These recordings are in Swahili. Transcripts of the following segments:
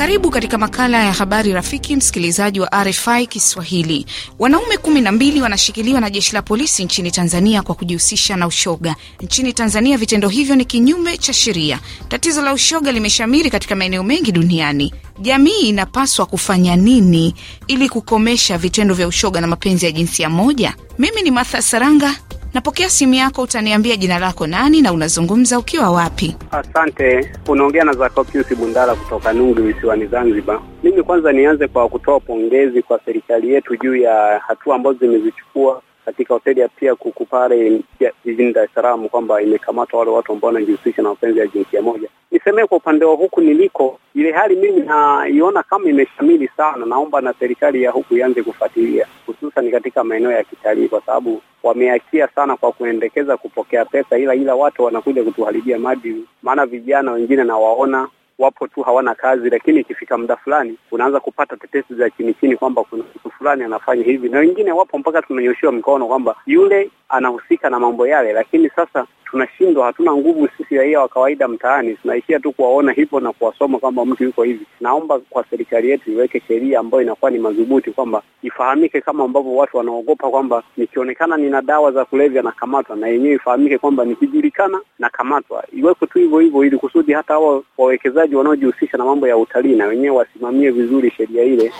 Karibu katika makala ya habari rafiki, msikilizaji wa RFI Kiswahili. Wanaume kumi na mbili wanashikiliwa na jeshi la polisi nchini Tanzania kwa kujihusisha na ushoga. Nchini Tanzania vitendo hivyo ni kinyume cha sheria. Tatizo la ushoga limeshamiri katika maeneo mengi duniani. Jamii inapaswa kufanya nini ili kukomesha vitendo vya ushoga na mapenzi ya jinsia moja? Mimi ni Martha Saranga. Napokea simu yako, utaniambia jina lako nani na unazungumza ukiwa wapi? Asante. Unaongea na Zakopius Bundala kutoka nungi visiwani Zanzibar. Mimi kwanza nianze kwa kutoa pongezi kwa serikali yetu juu ya hatua ambazo zimezichukua katika hoteli ya pia kuku pale jijini Dar es Salaam, kwamba imekamata wale watu ambao wanajihusisha na mapenzi ya jinsia moja niseme kwa upande wa huku niliko, ile hali mimi naiona kama imeshamili sana. Naomba na serikali ya huku ianze kufuatilia, hususan katika maeneo ya kitalii, kwa sababu wameachia sana kwa kuendekeza kupokea pesa, ila ila watu wanakuja kutuharibia madili. Maana vijana wengine nawaona wapo tu hawana kazi, lakini ikifika muda fulani unaanza kupata tetesi za chini chini kwamba kuna mtu fulani anafanya hivi, na wengine wapo mpaka tunanyoshiwa mkono kwamba yule anahusika na mambo yale. Lakini sasa tunashindwa, hatuna nguvu sisi raia wa kawaida mtaani, tunaishia tu kuwaona hivyo na kuwasoma kwamba mtu yuko hivi. Naomba kwa serikali yetu iweke sheria ambayo inakuwa ni madhubuti, kwamba ifahamike kama ambavyo watu wanaogopa kwamba nikionekana nina dawa za kulevya nakamatwa, na yenyewe ifahamike kwamba nikijulikana nakamatwa. iweko tu hivyo hivyo, ili kusudi hata hao wawekezaji wanaojihusisha na mambo ya utalii na wenyewe wasimamie vizuri sheria ile.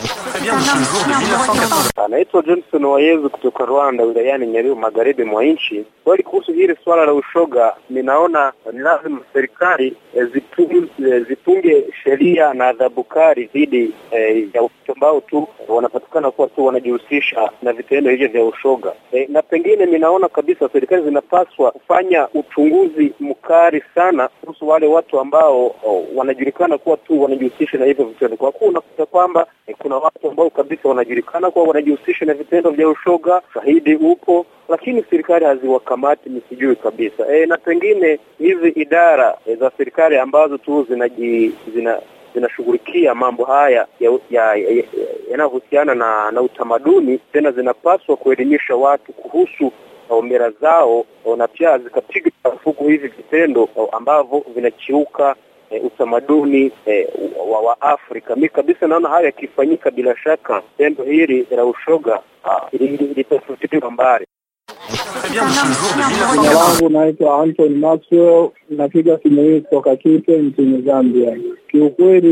Anaitwa Johnson Wayezu kutoka Rwanda, wilayani Nyabihu, magharibi mwa nchi. Kweli kuhusu hili swala la usho Yasoga, ninaona ni lazima serikali e, eh, zitunge, e, eh, zitunge sheria na adhabu kali dhidi e, ya watu ambao tu wanapatikana kuwa tu wanajihusisha na vitendo hivyo vya ushoga e, na pengine ninaona kabisa serikali zinapaswa kufanya uchunguzi mkali sana kuhusu wale watu ambao oh, wanajulikana kuwa tu wanajihusisha na hivyo vitendo, kwa kuwa unakuta kwamba e, kuna watu ambao kabisa wanajulikana kuwa wanajihusisha na vitendo vya ushoga, shahidi upo, lakini serikali haziwakamati, ni sijui kabisa e, na pengine hizi idara e, za serikali ambazo tu zinaji zina zinashughulikia mambo haya yanayohusiana ya, ya, ya, na, na utamaduni tena zinapaswa kuelimisha watu kuhusu eh, mira zao na pia zikapiga marufuku hivi vitendo ambavyo vinachiuka E, utamaduni e, wa, wa Afrika. Mi kabisa naona hayo yakifanyika, bila shaka tendo hili la ushoga ah, litafutiliwa mbali. Jina langu naitwa anton Maxwell, napiga simu hii kutoka Kipe nchini Zambia. Kiukweli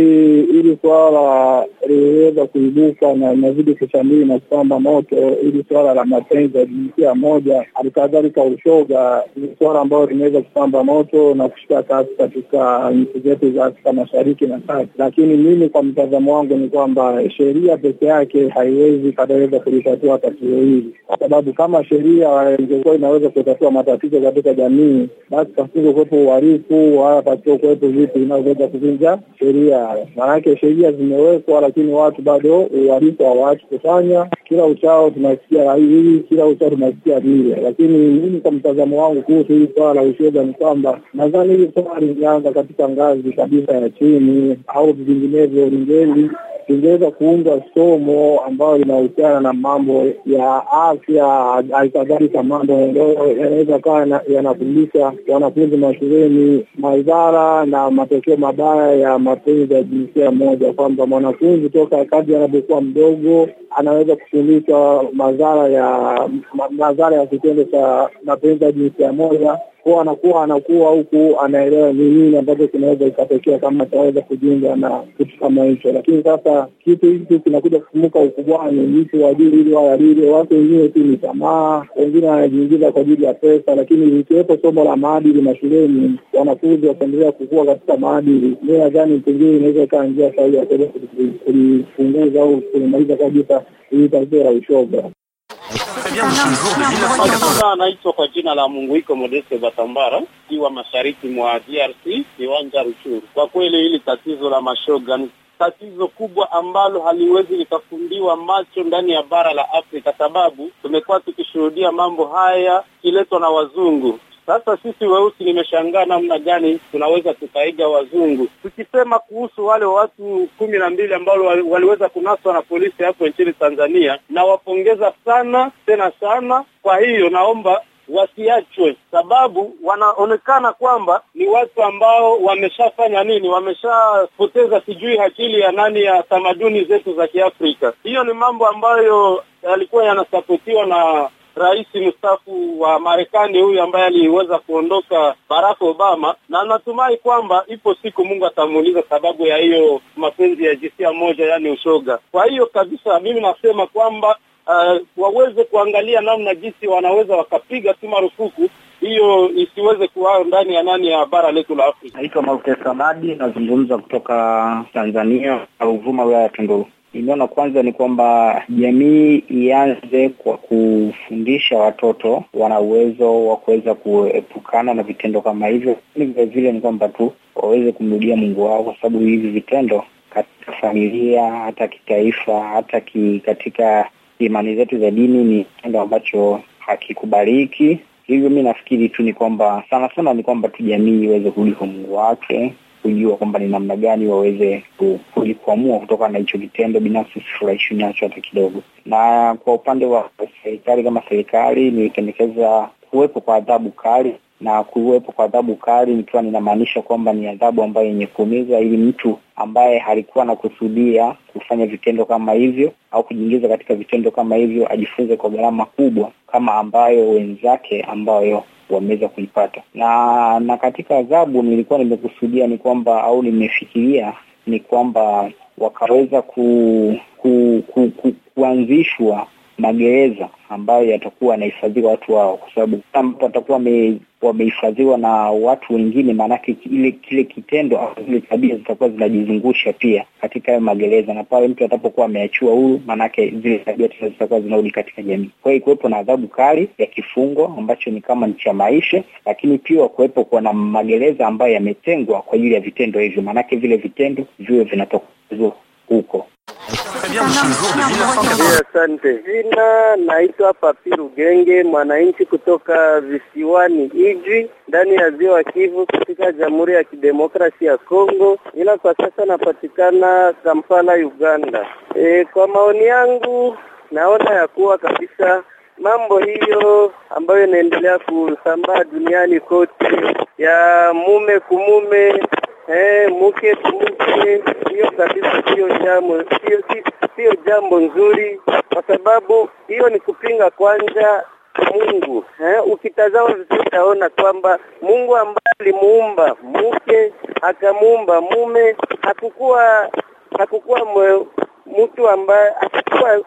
hili swala liliweza kuibuka na inazidi kushambili na kupamba moto, hili swala la mapenzi ya jinsia moja, halikadhalika ushoga, ni swala ambayo limeweza kupamba moto na kushika kasi katika nchi zetu za Afrika Mashariki na Kati. Lakini mimi kwa mtazamo wangu ni kwamba sheria peke yake haiwezi kataweza kulitatua tatizo hili, kwa sababu kama sheria ilikuwa inaweza kutatua matatizo katika jamii, basi pasipo kuwepo uhalifu wala pasio kuwepo vitu vinavyoweza kuvunja sheria. Maanake sheria zimewekwa, lakini watu bado uhalifu hawaachi kufanya. Kila uchao tunasikia hili, kila uchao tunasikia vile. Lakini mimi kwa mtazamo wangu kuhusu hili swala la ushoga ni kwamba nadhani hili swala lingeanza katika ngazi kabisa ya chini au vinginevyo lingeli tungeweza kuunda somo ambayo inahusiana na mambo ya afya, halikadhalika mambo yanaweza kawa yanafundisha wanafunzi mashuleni madhara na matokeo mabaya ya mapenzi ya jinsia moja, kwamba mwanafunzi toka kadri anapokuwa mdogo anaweza kufundishwa madhara ya madhara ya kitendo cha mapenzi ya jinsia moja kwao, anakuwa anakuwa huku anaelewa ni nini ambacho kinaweza ikatokea kama ataweza kujiunga na kitu kama hicho. Lakini sasa kitu hiki kinakuja kufumuka ukubwani, mtu waajiri ili waajiri watu wengine tu ni tamaa, wengine wanajiingiza kwa ajili ya pesa. Lakini ikiwepo somo la maadili mashuleni, wanafunzi wataendelea kukua katika maadili. Mi nadhani pengine inaweza ikawa njia sahihi ya kuweza kulipunguza au kulimaliza kabisa hili tatizo la ushoga. Anaitwa kwa jina la Munguiko Modeste Batambara, kiwa mashariki mwa DRC, kiwanja Ruchuru. Kwa kweli hili tatizo la mashoga ni tatizo kubwa ambalo haliwezi likafumbiwa macho ndani ya bara la Afrika, sababu tumekuwa tukishuhudia mambo haya kiletwa na wazungu sasa sisi weusi, nimeshangaa namna gani tunaweza tukaiga wazungu. Tukisema kuhusu wale watu kumi na mbili ambao waliweza kunaswa na polisi hapo nchini Tanzania, nawapongeza sana tena sana. Kwa hiyo naomba wasiachwe sababu wanaonekana kwamba ni watu ambao wameshafanya nini, wameshapoteza sijui akili ya nani ya tamaduni zetu za Kiafrika. Hiyo ni mambo ambayo yalikuwa yanasapotiwa na rais mstaafu wa Marekani huyu ambaye aliweza kuondoka Barack Obama, na natumai kwamba ipo siku Mungu atamuuliza sababu ya hiyo mapenzi ya jinsia moja, yaani ushoga. Kwa hiyo kabisa mimi nasema kwamba uh, waweze kuangalia namna jinsi wanaweza wakapiga tu marufuku hiyo isiweze kuwa ndani ya nani ya bara letu la Afrika. Naitwa Maute nazungumza kutoka Tanzania, Ruvuma, wilaya ya Tunduru imeona kwanza ni kwamba jamii ianze kwa kufundisha watoto wana uwezo wa kuweza kuepukana na vitendo kama hivyo, lakini vilevile ni kwamba tu waweze kumrudia Mungu wao, kwa sababu hivi vitendo katika familia, hata kitaifa, hata ki, katika imani zetu za dini ni kitendo ambacho hakikubaliki. Hivyo mi nafikiri tu ni kwamba sana sana ni kwamba tu jamii iweze kurudi kwa Mungu wake kujua kwamba ni namna gani waweze kujikwamua kutokana na hicho kitendo. Binafsi sifurahishi nacho hata kidogo. Na kwa upande wa serikali, kama serikali nilipendekeza kuwepo kwa adhabu kali na kuwepo kwa adhabu kali nikiwa ninamaanisha kwamba ni adhabu ambayo yenye kuumiza, ili mtu ambaye halikuwa anakusudia kufanya vitendo kama hivyo au kujiingiza katika vitendo kama hivyo ajifunze kwa gharama kubwa kama ambayo wenzake ambayo wameweza kuipata. Na na katika adhabu nilikuwa nimekusudia ni kwamba au nimefikiria ni kwamba wakaweza ku, ku, ku, ku, kuanzishwa magereza ambayo yatakuwa yanahifadhiwa watu wao, kwa sababu ambapo watakuwa wamehifadhiwa na watu wengine, maanake kile kile kitendo au zile tabia zitakuwa zinajizungusha pia katika hayo magereza, na pale mtu atapokuwa ameachiwa huru, maanake zile tabia tena zitakuwa zinarudi katika jamii. Kwa hiyo kuwepo na adhabu kali ya kifungo ambacho ni kama ni cha maisha, lakini pia kuwepo kuwa na magereza ambayo yametengwa kwa ajili ya vitendo hivyo, maanake vile vitendo viwe vinatokezwa huko Asante. Jina naitwa Papi Rugenge, mwananchi kutoka visiwani Ijwi ndani ya ziwa Kivu katika Jamhuri ya Kidemokrasia ya Kongo, ila kwa sasa napatikana Kampala, Uganda. E, kwa maoni yangu naona ya kuwa kabisa mambo hiyo ambayo inaendelea kusambaa duniani kote ya mume kumume Eh, mke mke hiyo kabisa sio jambo sio sio jambo nzuri kwa sababu hiyo ni kupinga kwanza Mungu. Eh, ukitazama vizuri utaona kwamba Mungu ambaye alimuumba mke akamuumba mume hakukuwa hakukuwa mtu ambaye hakukuwa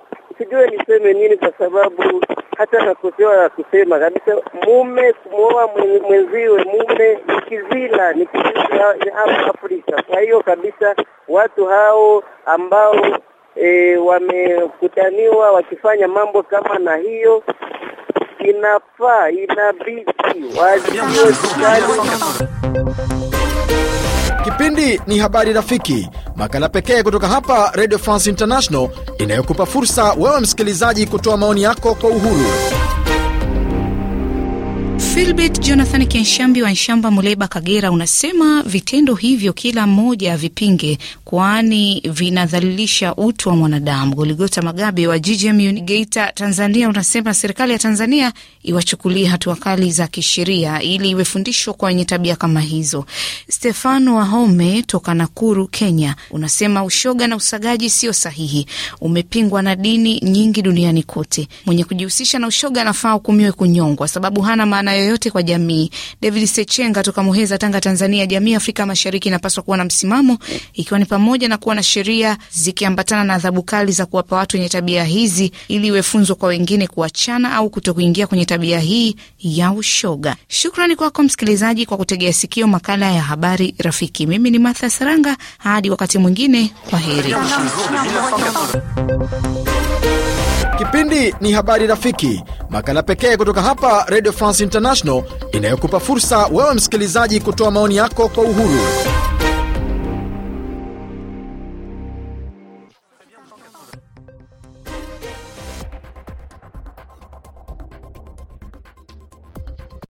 sijue niseme nini, kwa sababu hata nakosewa ya kusema kabisa. Mume kumwoa mwenziwe mume ni kizila, ni kizila hapa Afrika. Kwa hiyo kabisa watu hao ambao e, wamekutaniwa wakifanya mambo kama na hiyo inafaa inabidi waziwe. Kipindi ni habari rafiki makala pekee kutoka hapa Radio France International inayokupa fursa wewe msikilizaji kutoa maoni yako kwa uhuru. Filbert Jonathan Kenshambi wa Nshamba, Muleba, Kagera, unasema vitendo hivyo kila mmoja vipinge, kwani vinadhalilisha utu wa mwanadamu. Goligota Magabe wa GGMU Geita, Tanzania, unasema serikali ya Tanzania iwachukulie hatua kali za kisheria ili iwe fundisho kwa wenye tabia kama hizo. Stefano Wahome toka Nakuru, Kenya, unasema ushoga na usagaji sio sahihi, umepingwa na dini nyingi duniani kote. Mwenye kujihusisha na ushoga anafaa hukumiwe kunyongwa, sababu hana maana yoyote kwa jamii. David Sechenga toka Muheza, Tanga, Tanzania, jamii Afrika Mashariki inapaswa kuwa na msimamo ikiwa ni pamoja na kuwa na sheria zikiambatana na adhabu kali za kuwapa watu wenye tabia hizi, ili iwe funzo kwa wengine kuachana au kutokuingia kwenye tabia hii ya ushoga. Shukrani kwako msikilizaji kwa kutegea sikio makala ya habari rafiki. Mimi ni Martha Saranga, hadi wakati mwingine, kwa heri. Kipindi ni Habari Rafiki, makala pekee kutoka hapa Radio France International inayokupa fursa wewe msikilizaji kutoa maoni yako kwa uhuru.